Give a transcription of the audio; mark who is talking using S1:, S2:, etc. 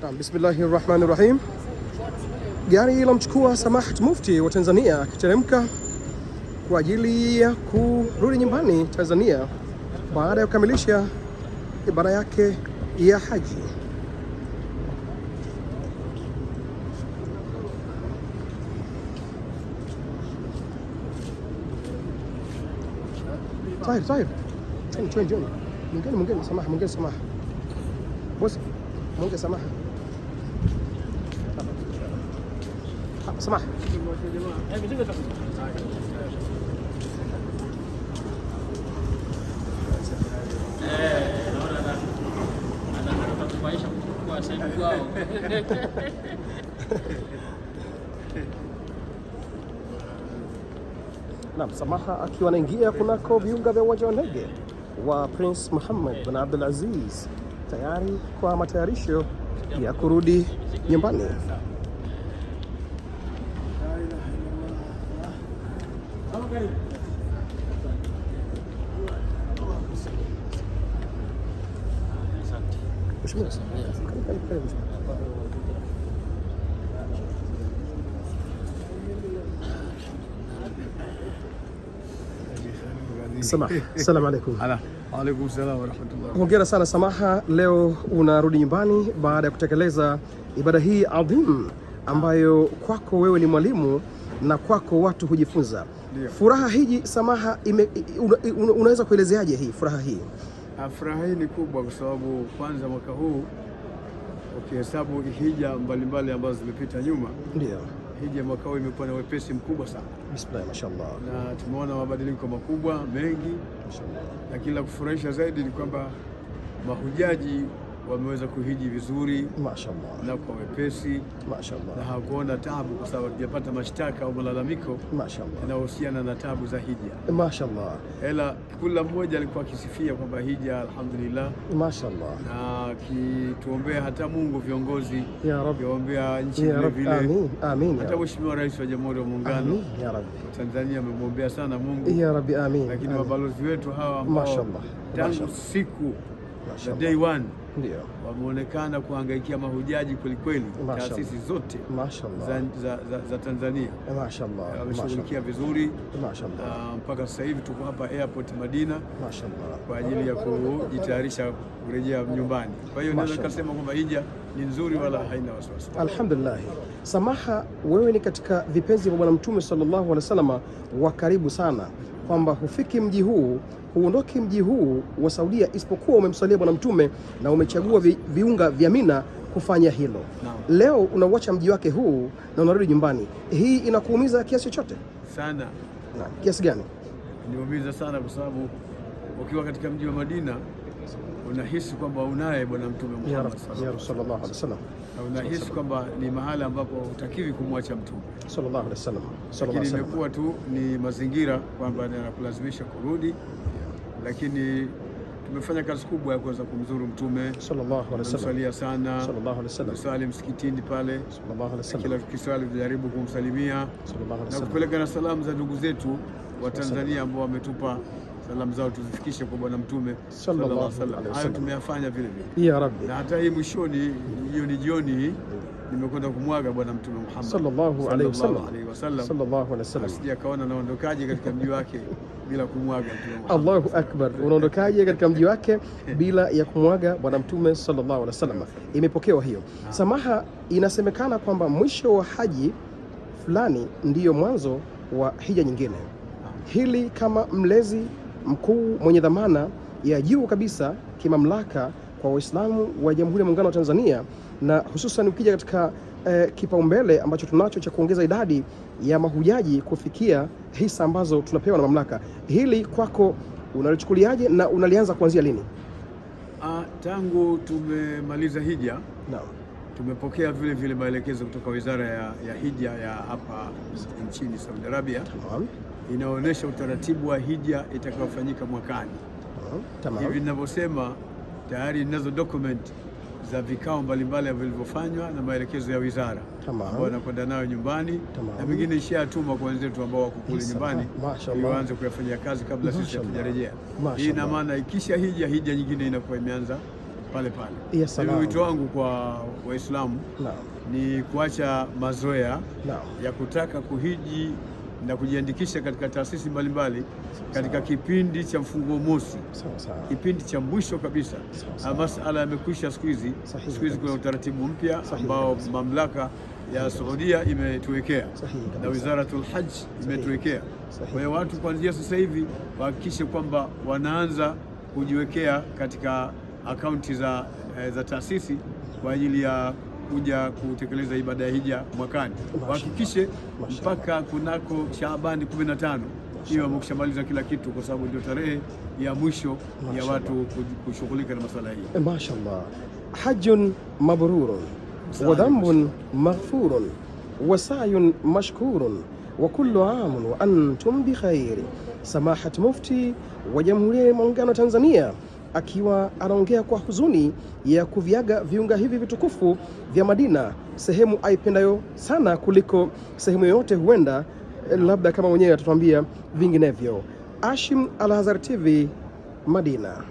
S1: Naam, bismillahi rahmani rahim. Gari la mchukua Samahat Mufti wa Tanzania akiteremka kwa ajili ya kurudi nyumbani Tanzania baada ya kukamilisha ibada yake ya haji. Tahir, Tahir. chini chini, njoni. Mwingine, mwingine, samaha, mwingine, samaha. Bosi, mwingine, samaha. Sema. msamaha Samaha akiwa anaingia kunako viunga vya uwanja wa ndege wa Prince Muhammad bin Abdul Aziz tayari kwa matayarisho ya kurudi nyumbani. Mheshimiwa salamu alaikum.
S2: salam wa warahmatullahi.
S1: Hongera sana Samaha, leo unarudi nyumbani baada ya kutekeleza ibada hii adhim ambayo kwako wewe ni mwalimu na kwako watu hujifunza. Furaha hiji samaha ime, una, unaweza kuelezeaje hii furaha hii?
S2: Ah, furaha hii ni kubwa kwa sababu kwanza mwaka huu ukihesabu okay, hija mbalimbali ambazo zimepita nyuma. Ndio. Hija mwaka huu imekuwa na wepesi mkubwa sana.
S1: Bismillah, mashallah.
S2: Na tumeona mabadiliko makubwa mengi. Mashallah. Na kila kufurahisha zaidi ni kwamba mahujaji wameweza kuhiji vizuri
S1: mashaallah,
S2: na kwa wepesi mashaallah, na hakuona tabu, kwa sababu tujapata mashtaka au malalamiko mashaallah, yanayohusiana na tabu za hija
S1: mashaallah.
S2: Ila kila mmoja alikuwa akisifia kwamba hija, alhamdulillah mashaallah, na akituombea hata Mungu viongozi ya Rabbi, waombea nchi ya Rabbi, amin amin. Hata mheshimiwa rais wa Jamhuri ya
S1: Muungano ya Rabbi
S2: Tanzania amemwombea sana Mungu
S1: ya Rabbi, amin.
S2: Lakini mabalozi wetu hawa ambao tangu siku ya day one ndio wameonekana kuhangaikia mahujaji kwelikweli. Taasisi zote
S1: za,
S2: za, za, za Tanzania wameshughulikia vizuri
S1: ah,
S2: mpaka sasa hivi tuko hapa airport Madina kwa ajili ya kujitayarisha kurejea nyumbani. Kwa hiyo naweza kusema kwamba hija ni nzuri wala haina wasiwasi.
S1: Alhamdulillah. Samaha, wewe ni katika vipenzi vya Bwana Mtume sallallahu alaihi wasallam wa karibu sana kwamba hufiki mji huu huondoki mji huu wa Saudia isipokuwa umemsalia Bwana Mtume na umechagua vi, viunga vya Mina kufanya hilo no. Leo unauacha mji wake huu na unarudi nyumbani. Hii inakuumiza kiasi chochote sana? Na kiasi gani?
S2: Niumiza sana kwa sababu ukiwa katika mji wa Madina unahisi kwamba unaye Bwana Mtume
S1: Muhammad sallallahu alaihi wasallam
S2: na unahisi kwamba ni mahala ambapo hutakiwi kumwacha Mtume
S1: sallallahu alaihi wasallam,
S2: lakini imekuwa tu ni mazingira kwamba yanakulazimisha kurudi, lakini tumefanya kazi kubwa ya kuweza kumzuru Mtume sallallahu alaihi wasallam, kumsalia sana
S1: sallallahu alaihi wasallam,
S2: kusali msikitini pale
S1: sallallahu alaihi wasallam,
S2: kila kiswali tunajaribu kumsalimia sallallahu alaihi wasallam, na kupeleka na salamu za ndugu zetu wa Tanzania ambao wametupa salamu zao tuzifikishe kwa Bwana Mtume
S1: sallallahu alaihi wasallam.
S2: Hayo tumeyafanya vile vile ya Rabbi, na hata hii mwishoni, ni jioni hii nimekwenda kumwaga Bwana Mtume Muhammad
S1: sallallahu alaihi wasallam, sallallahu alaihi wasallam.
S2: Sija kaona naondokaje katika mji wake bila kumwaga Mtume
S1: Muhammad. Allahu akbar, unaondokaje katika mji wake bila ya kumwaga Bwana Mtume sallallahu alaihi wasallam? Imepokewa hiyo. Ah. Samaha, inasemekana kwamba mwisho wa haji fulani ndiyo mwanzo wa hija nyingine. Ah. Hili kama mlezi mkuu mwenye dhamana ya juu kabisa kimamlaka kwa Waislamu wa Jamhuri ya Muungano wa Tanzania, na hususan ukija katika eh, kipaumbele ambacho tunacho cha kuongeza idadi ya mahujaji kufikia hisa ambazo tunapewa na mamlaka. Hili kwako unalichukuliaje na unalianza kuanzia lini?
S2: A, ah, tangu tumemaliza hija no. Tumepokea vile vile maelekezo kutoka Wizara ya, ya Hija ya hapa nchini Saudi Arabia no inaonyesha utaratibu wa hija itakayofanyika mwakani. Hivi uh, ninavyosema tayari ninazo document za vikao mbalimbali vilivyofanywa na maelekezo ya wizara ambayo anakwenda nayo nyumbani Tamam. na mingine ishaatuma kwa wenzetu ambao wako kule nyumbani ili waanze kuyafanyia kazi kabla sisi hatujarejea. Hii ina maana ikisha hija hija nyingine inakuwa imeanza pale pale. Hivi wito wangu kwa Waislamu ni kuacha mazoea ya kutaka kuhiji na kujiandikisha katika taasisi mbalimbali katika kipindi cha mfunguo mosi, kipindi cha mwisho kabisa. Ah, masala yamekwisha siku hizi, siku hizi kuna utaratibu mpya ambao mamlaka ya Saudia imetuwekea na Wizaratul Hajj imetuwekea. Kwa hiyo watu kuanzia sasa hivi wahakikishe kwamba wanaanza kujiwekea katika akaunti za, eh, za taasisi kwa ajili ya kuja kutekeleza ibada ya hija mwakani, wahakikishe mpaka kunako Shaabani 15 hiyo amekushamaliza kila kitu, kwa sababu ndio tarehe ya mwisho ya watu kushughulika na masala hii.
S1: Eh, mashallah, hajjun mabrurun wa dhanbun maghfurun wa sa'yun mashkurun wa kullu amun wa antum bi khairi. Samahat Mufti wa Jamhuri ya Muungano wa Tanzania akiwa anaongea kwa huzuni ya kuviaga viunga hivi vitukufu vya Madina, sehemu aipendayo sana kuliko sehemu yoyote, huenda eh, labda kama mwenyewe atatuambia vinginevyo. Ashim alhazar TV Madina.